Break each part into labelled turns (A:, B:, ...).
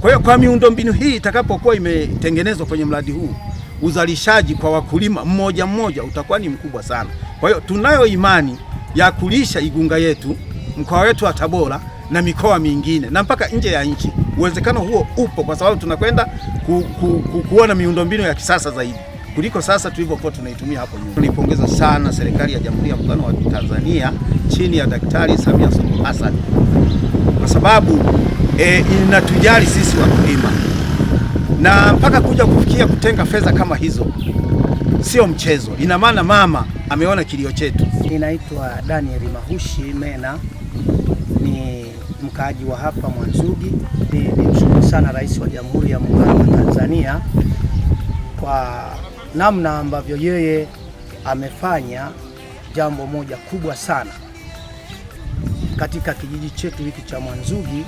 A: Kwa hiyo kwa miundombinu hii itakapokuwa imetengenezwa kwenye mradi huu, uzalishaji kwa wakulima mmoja mmoja utakuwa ni mkubwa sana. Kwa hiyo tunayo imani ya kulisha Igunga yetu mkoa wetu wa Tabora na mikoa mingine na mpaka nje ya nchi. Uwezekano huo upo kwa sababu tunakwenda ku, ku, ku, kuona miundombinu ya kisasa zaidi kuliko sasa tulivyokuwa tunaitumia hapo nyuma. Nilipongeza sana serikali ya Jamhuri ya Muungano wa Tanzania chini ya Daktari Samia Suluhu Hassan kwa sababu e, inatujali sisi wakulima, na mpaka kuja kufikia kutenga fedha kama hizo sio mchezo. Ina maana mama ameona kilio chetu.
B: Ninaitwa Daniel Mahushi Mena, ni mkaaji wa hapa Mwanzugi. Nimshukuru sana Rais wa Jamhuri ya Muungano wa Tanzania kwa namna ambavyo yeye amefanya jambo moja kubwa sana katika kijiji chetu hiki cha Mwanzugi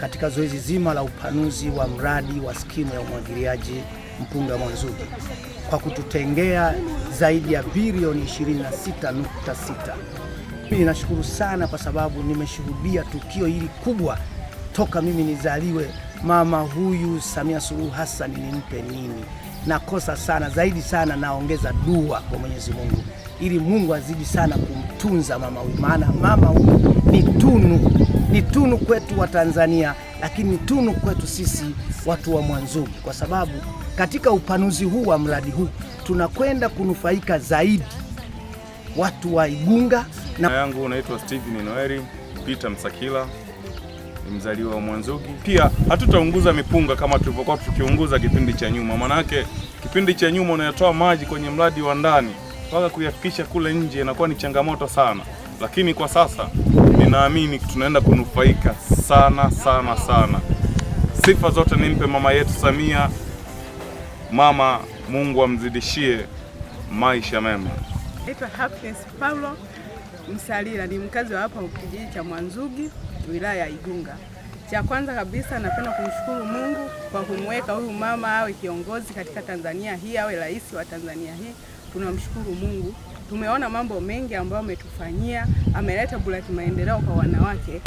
B: katika zoezi zima la upanuzi wa mradi wa skimu ya umwagiliaji Mpunga Mwanzugu kwa kututengea zaidi ya bilioni 26.6. Mimi nashukuru sana kwa sababu nimeshuhudia tukio hili kubwa toka mimi nizaliwe. Mama huyu Samia Suluhu Hassan nimpe nini? Nakosa sana zaidi sana, naongeza dua kwa Mwenyezi Mungu ili Mungu azidi sana kumtunza mama huyu, maana mama huyu ni tunu, ni tunu kwetu wa Tanzania, lakini ni tunu kwetu sisi watu wa Mwanzugi, kwa sababu katika upanuzi huu wa mradi huu tunakwenda kunufaika zaidi watu wa Igunga.
C: Na yangu unaitwa Steven Noeli Peter Msakila, ni mzaliwa wa Mwanzugi. Pia hatutaunguza mipunga kama tulivyokuwa tukiunguza kipindi cha nyuma, manake kipindi cha nyuma unayotoa maji kwenye mradi wa ndani mpaka kuyafikisha kule nje inakuwa ni changamoto sana, lakini kwa sasa ninaamini tunaenda kunufaika sana sana sana. Sifa zote nimpe mama yetu Samia. Mama, Mungu amzidishie maisha mema.
D: Naitwa Happiness Paulo Msalila, ni mkazi wa hapa kijiji cha Mwanzugi, wilaya ya Igunga. Cha kwanza kabisa napenda kumshukuru Mungu kwa kumweka huyu mama awe kiongozi katika Tanzania hii, awe rais wa Tanzania hii tunamshukuru Mungu, tumeona mambo mengi ambayo ametufanyia, ameleta bulati maendeleo kwa wanawake